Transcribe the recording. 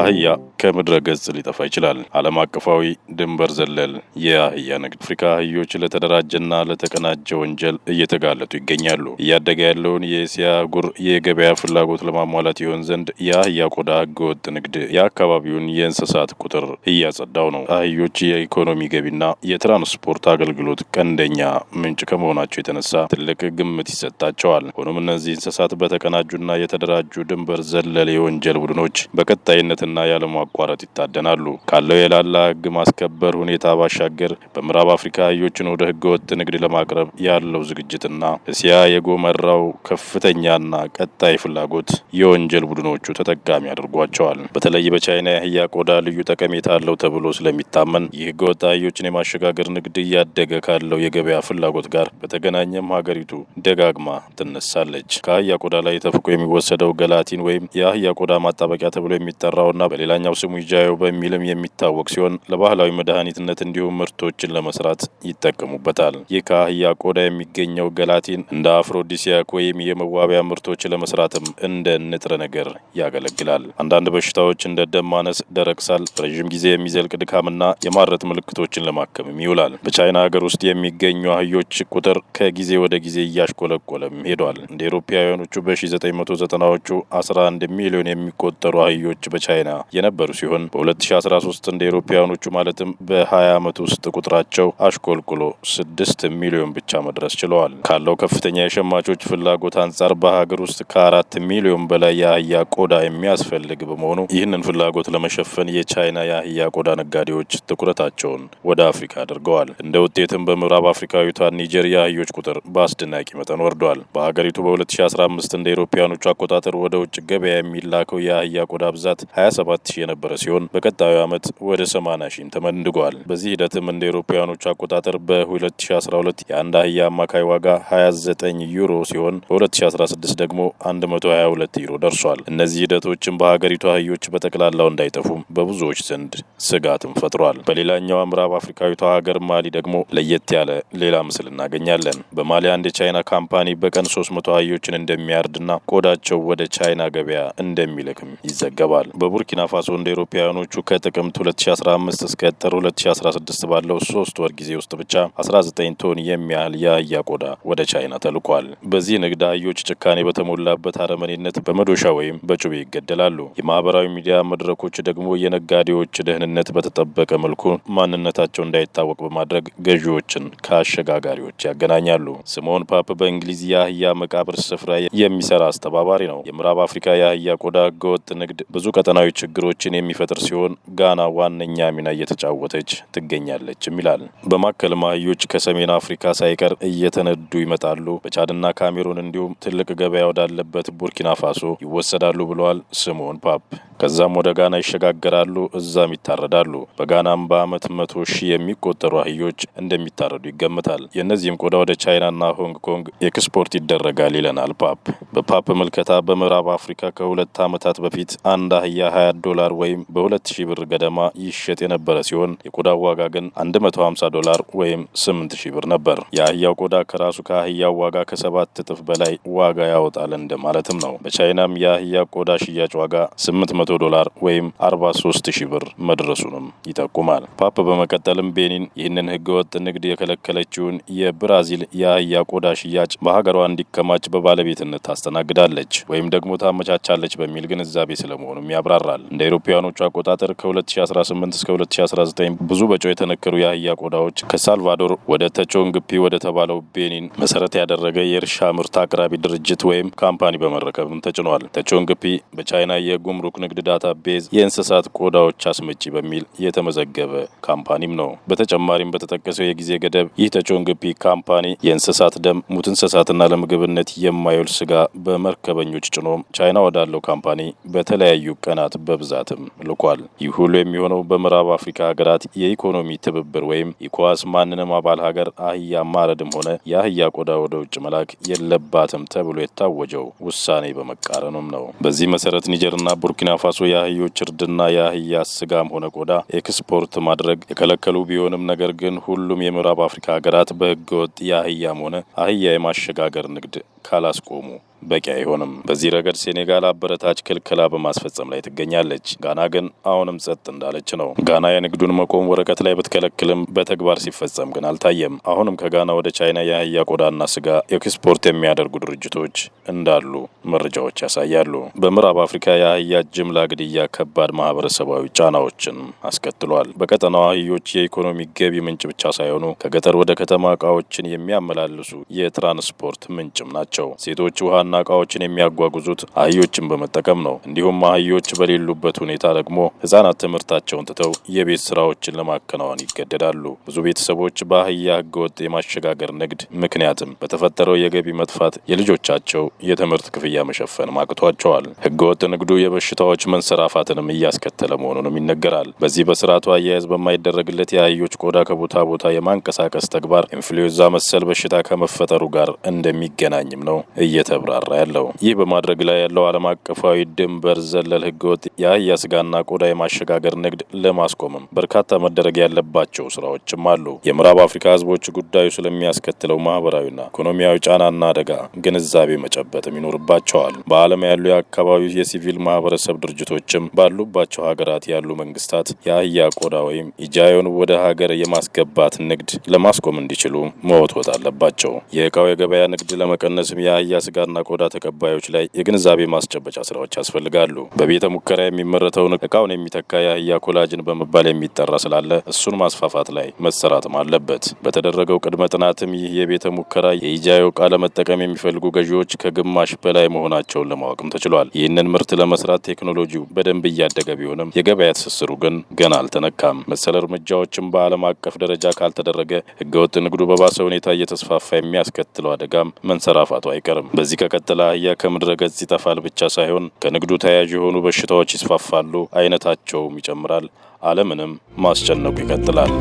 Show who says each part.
Speaker 1: አህያ ከምድረ ገጽ ሊጠፋ ይችላል። ዓለም አቀፋዊ ድንበር ዘለል የአህያ ንግድ አፍሪካ አህዮች ለተደራጀና ለተቀናጀ ወንጀል እየተጋለጡ ይገኛሉ። እያደገ ያለውን የእስያ አህጉር የገበያ ፍላጎት ለማሟላት ይሆን ዘንድ የአህያ ቆዳ ህገወጥ ንግድ የአካባቢውን የእንስሳት ቁጥር እያጸዳው ነው። አህዮች የኢኮኖሚ ገቢና የትራንስፖርት አገልግሎት ቀንደኛ ምንጭ ከመሆናቸው የተነሳ ትልቅ ግምት ይሰጣቸዋል። ሆኖም እነዚህ እንስሳት በተቀናጁና የተደራጁ ድንበር ዘለል የወንጀል ቡድኖች በቀጣይነት በመስራትና ያለማቋረጥ ይታደናሉ። ካለው የላላ ሕግ ማስከበር ሁኔታ ባሻገር በምዕራብ አፍሪካ አህዮችን ወደ ሕገወጥ ንግድ ለማቅረብ ያለው ዝግጅትና እስያ የጎመራው ከፍተኛና ቀጣይ ፍላጎት የወንጀል ቡድኖቹ ተጠቃሚ አድርጓቸዋል። በተለይ በቻይና የአህያ ቆዳ ልዩ ጠቀሜታ አለው ተብሎ ስለሚታመን ይህ ወጥ አህዮችን የማሸጋገር ንግድ እያደገ ካለው የገበያ ፍላጎት ጋር በተገናኘም ሀገሪቱ ደጋግማ ትነሳለች። ከአህያ ቆዳ ላይ ተፍቆ የሚወሰደው ገላቲን ወይም የአህያ ቆዳ ማጣበቂያ ተብሎ የሚጠራው በሚባለውና በሌላኛው ስሙ ይጃዮ በሚልም የሚታወቅ ሲሆን ለባህላዊ መድኃኒትነት እንዲሁም ምርቶችን ለመስራት ይጠቀሙበታል። ይህ ከአህያ ቆዳ የሚገኘው ገላቲን እንደ አፍሮዲሲያክ ወይም የመዋቢያ ምርቶች ለመስራትም እንደ ንጥረ ነገር ያገለግላል። አንዳንድ በሽታዎች እንደ ደም ማነስ፣ ደረቅ ሳል፣ ረዥም ጊዜ የሚዘልቅ ድካምና የማረጥ ምልክቶችን ለማከምም ይውላል። በቻይና ሀገር ውስጥ የሚገኙ አህዮች ቁጥር ከጊዜ ወደ ጊዜ እያሽቆለቆለም ሄዷል። እንደ ኤሮፓውያኖቹ በ1990ዎቹ 11 ሚሊዮን የሚቆጠሩ አህዮች በቻይና ቻይና የነበሩ ሲሆን በ2013 እንደ ኤሮፓውያኖቹ ማለትም በ20 ዓመት ውስጥ ቁጥራቸው አሽቆልቁሎ 6 ሚሊዮን ብቻ መድረስ ችለዋል። ካለው ከፍተኛ የሸማቾች ፍላጎት አንጻር በሀገር ውስጥ ከአራት ሚሊዮን በላይ የአህያ ቆዳ የሚያስፈልግ በመሆኑ ይህንን ፍላጎት ለመሸፈን የቻይና የአህያ ቆዳ ነጋዴዎች ትኩረታቸውን ወደ አፍሪካ አድርገዋል። እንደ ውጤትም በምዕራብ አፍሪካዊቷ ኒጀር የአህዮች ቁጥር በአስደናቂ መጠን ወርዷል። በሀገሪቱ በ2015 እንደ ኤሮፓውያኖቹ አቆጣጠር ወደ ውጭ ገበያ የሚላከው የአህያ ቆዳ ብዛት 27 ሺህ የነበረ ሲሆን በቀጣዩ ዓመት ወደ 80 ሺህ ተመንድጓል። በዚህ ሂደትም እንደ ኤሮፓውያኖች አቆጣጠር በ2012 የአንድ አህያ አማካይ ዋጋ 29 ዩሮ ሲሆን በ2016 ደግሞ 122 ዩሮ ደርሷል። እነዚህ ሂደቶችም በሀገሪቱ አህዮች በጠቅላላው እንዳይጠፉም በብዙዎች ዘንድ ስጋትም ፈጥሯል። በሌላኛዋ ምዕራብ አፍሪካዊቷ ሀገር ማሊ ደግሞ ለየት ያለ ሌላ ምስል እናገኛለን። በማሊ አንድ የቻይና ካምፓኒ በቀን 300 አህዮችን እንደሚያርድና ቆዳቸው ወደ ቻይና ገበያ እንደሚልክም ይዘገባል። ቡርኪና ፋሶ እንደ ኤሮፓውያኖቹ ከጥቅምት 2015 እስከ ጥር 2016 ባለው ሶስት ወር ጊዜ ውስጥ ብቻ 19 ቶን የሚያህል የአህያ ቆዳ ወደ ቻይና ተልኳል። በዚህ ንግድ አህዮች ጭካኔ በተሞላበት አረመኔነት በመዶሻ ወይም በጩቤ ይገደላሉ። የማህበራዊ ሚዲያ መድረኮች ደግሞ የነጋዴዎች ደህንነት በተጠበቀ መልኩ ማንነታቸው እንዳይታወቅ በማድረግ ገዢዎችን ከአሸጋጋሪዎች ያገናኛሉ። ሲሞን ፓፕ በእንግሊዝ የአህያ መቃብር ስፍራ የሚሰራ አስተባባሪ ነው። የምዕራብ አፍሪካ የአህያ ቆዳ ህገወጥ ንግድ ብዙ ቀጠናዊ ችግሮችን የሚፈጥር ሲሆን ጋና ዋነኛ ሚና እየተጫወተች ትገኛለችም ይላል። በማከል ማህዮች ከሰሜን አፍሪካ ሳይቀር እየተነዱ ይመጣሉ። በቻድና ካሜሩን እንዲሁም ትልቅ ገበያ ወዳለበት ቡርኪና ፋሶ ይወሰዳሉ ብለዋል ስምኦን ፓፕ። ከዛም ወደ ጋና ይሸጋገራሉ፣ እዛም ይታረዳሉ። በጋናም በአመት መቶ ሺህ የሚቆጠሩ አህዮች እንደሚታረዱ ይገምታል። የእነዚህም ቆዳ ወደ ቻይናና ሆንግ ኮንግ ኤክስፖርት ይደረጋል ይለናል ፓፕ። በፓፕ ምልከታ በምዕራብ አፍሪካ ከሁለት አመታት በፊት አንድ አህያ 20 ዶላር ወይም በ ሺህ ብር ገደማ ይሸጥ የነበረ ሲሆን የቆዳው ዋጋ ግን 150 ዶላር ወይም 8 ብር ነበር። የአህያው ቆዳ ከራሱ ከአህያው ዋጋ ከሰባት እጥፍ በላይ ዋጋ ያወጣል እንደማለትም ነው። በቻይናም የአህያ ቆዳ ሽያጭ ዋጋ 800 100 ዶላር ወይም 43 ሺህ ብር መድረሱንም ይጠቁማል። ፓፕ በመቀጠልም ቤኒን ይህንን ህገወጥ ንግድ የከለከለችውን የብራዚል የአህያ ቆዳ ሽያጭ በሀገሯ እንዲከማች በባለቤትነት ታስተናግዳለች ወይም ደግሞ ታመቻቻለች በሚል ግንዛቤ ስለመሆኑም ያብራራል። እንደ አውሮፓውያኖቹ አቆጣጠር ከ2018 እስከ 2019 ብዙ በጨው የተነከሩ የአህያ ቆዳዎች ከሳልቫዶር ወደ ግፒ ወደ ተባለው ቤኒን መሰረት ያደረገ የእርሻ ምርት አቅራቢ ድርጅት ወይም ካምፓኒ በመረከብም ተጭኗል። ግፒ በቻይና የጉምሩክ ንግድ ዳታ ቤዝ የእንስሳት ቆዳዎች አስመጪ በሚል የተመዘገበ ካምፓኒም ነው። በተጨማሪም በተጠቀሰው የጊዜ ገደብ ይህ ተቾንግፒ ካምፓኒ የእንስሳት ደም፣ ሙት እንስሳትና ለምግብነት የማይውል ስጋ በመርከበኞች ጭኖ ቻይና ወዳለው ካምፓኒ በተለያዩ ቀናት በብዛትም ልኳል። ይህ ሁሉ የሚሆነው በምዕራብ አፍሪካ ሀገራት የኢኮኖሚ ትብብር ወይም ኢኮዋስ ማንንም አባል ሀገር አህያ ማረድም ሆነ የአህያ ቆዳ ወደ ውጭ መላክ የለባትም ተብሎ የታወጀው ውሳኔ በመቃረኑም ነው። በዚህ መሰረት ኒጀርና ቡርኪና ፋሶ የአህዮች እርድና የአህያ ስጋም ሆነ ቆዳ ኤክስፖርት ማድረግ የከለከሉ ቢሆንም ነገር ግን ሁሉም የምዕራብ አፍሪካ ሀገራት በህገወጥ የአህያም ሆነ አህያ የማሸጋገር ንግድ ካላስቆሙ በቂ አይሆንም። በዚህ ረገድ ሴኔጋል አበረታች ክልከላ በማስፈጸም ላይ ትገኛለች። ጋና ግን አሁንም ጸጥ እንዳለች ነው። ጋና የንግዱን መቆም ወረቀት ላይ ብትከለክልም በተግባር ሲፈጸም ግን አልታየም። አሁንም ከጋና ወደ ቻይና የአህያ ቆዳና ስጋ ኤክስፖርት የሚያደርጉ ድርጅቶች እንዳሉ መረጃዎች ያሳያሉ። በምዕራብ አፍሪካ የአህያ ጅምላ ግድያ ከባድ ማህበረሰባዊ ጫናዎችን አስከትሏል። በቀጠናው አህዮች የኢኮኖሚ ገቢ ምንጭ ብቻ ሳይሆኑ ከገጠር ወደ ከተማ እቃዎችን የሚያመላልሱ የትራንስፖርት ምንጭም ናቸው። ሴቶች ውሃና ሰዎችንና እቃዎችን የሚያጓጉዙት አህዮችን በመጠቀም ነው። እንዲሁም አህዮች በሌሉበት ሁኔታ ደግሞ ህጻናት ትምህርታቸውን ትተው የቤት ስራዎችን ለማከናወን ይገደዳሉ። ብዙ ቤተሰቦች በአህያ ህገወጥ የማሸጋገር ንግድ ምክንያትም በተፈጠረው የገቢ መጥፋት የልጆቻቸው የትምህርት ክፍያ መሸፈን አቅቷቸዋል። ህገወጥ ንግዱ የበሽታዎች መንሰራፋትንም እያስከተለ መሆኑንም ይነገራል። በዚህ በስርዓቱ አያያዝ በማይደረግለት የአህዮች ቆዳ ከቦታ ቦታ የማንቀሳቀስ ተግባር ኢንፍሉዌንዛ መሰል በሽታ ከመፈጠሩ ጋር እንደሚገናኝም ነው እየተብራራ እየተጣራ ያለው። ይህ በማድረግ ላይ ያለው ዓለም አቀፋዊ ድንበር ዘለል ህገወጥ የአህያ ስጋና ቆዳ የማሸጋገር ንግድ ለማስቆምም በርካታ መደረግ ያለባቸው ስራዎችም አሉ። የምዕራብ አፍሪካ ህዝቦች ጉዳዩ ስለሚያስከትለው ማህበራዊና ኢኮኖሚያዊ ጫናና አደጋ ግንዛቤ መጨበጥም ይኖርባቸዋል። በዓለም ያሉ የአካባቢው የሲቪል ማህበረሰብ ድርጅቶችም ባሉባቸው ሀገራት ያሉ መንግስታት የአህያ ቆዳ ወይም ኢጃዮን ወደ ሀገር የማስገባት ንግድ ለማስቆም እንዲችሉ መወትወት አለባቸው። የእቃው የገበያ ንግድ ለመቀነስም የአህያ ስጋና ቆዳ ተቀባዮች ላይ የግንዛቤ ማስጨበጫ ስራዎች ያስፈልጋሉ። በቤተ ሙከራ የሚመረተውን እቃውን የሚተካ የአህያ ኮላጅን በመባል የሚጠራ ስላለ እሱን ማስፋፋት ላይ መሰራትም አለበት። በተደረገው ቅድመ ጥናትም ይህ የቤተ ሙከራ የኢጃዮ እቃ ለመጠቀም የሚፈልጉ ገዢዎች ከግማሽ በላይ መሆናቸውን ለማወቅም ተችሏል። ይህንን ምርት ለመስራት ቴክኖሎጂው በደንብ እያደገ ቢሆንም የገበያ ትስስሩ ግን ገና አልተነካም። መሰል እርምጃዎችን በዓለም አቀፍ ደረጃ ካልተደረገ ህገወጥ ንግዱ በባሰ ሁኔታ እየተስፋፋ የሚያስከትለው አደጋም መንሰራፋቱ አይቀርም። በዚህ ቀጥላ አህያ ከምድረ ገጽ ይጠፋል ብቻ ሳይሆን ከንግዱ ተያያዥ የሆኑ በሽታዎች ይስፋፋሉ፣ አይነታቸውም ይጨምራል፣ ዓለምንም ማስጨነቁ ይቀጥላል።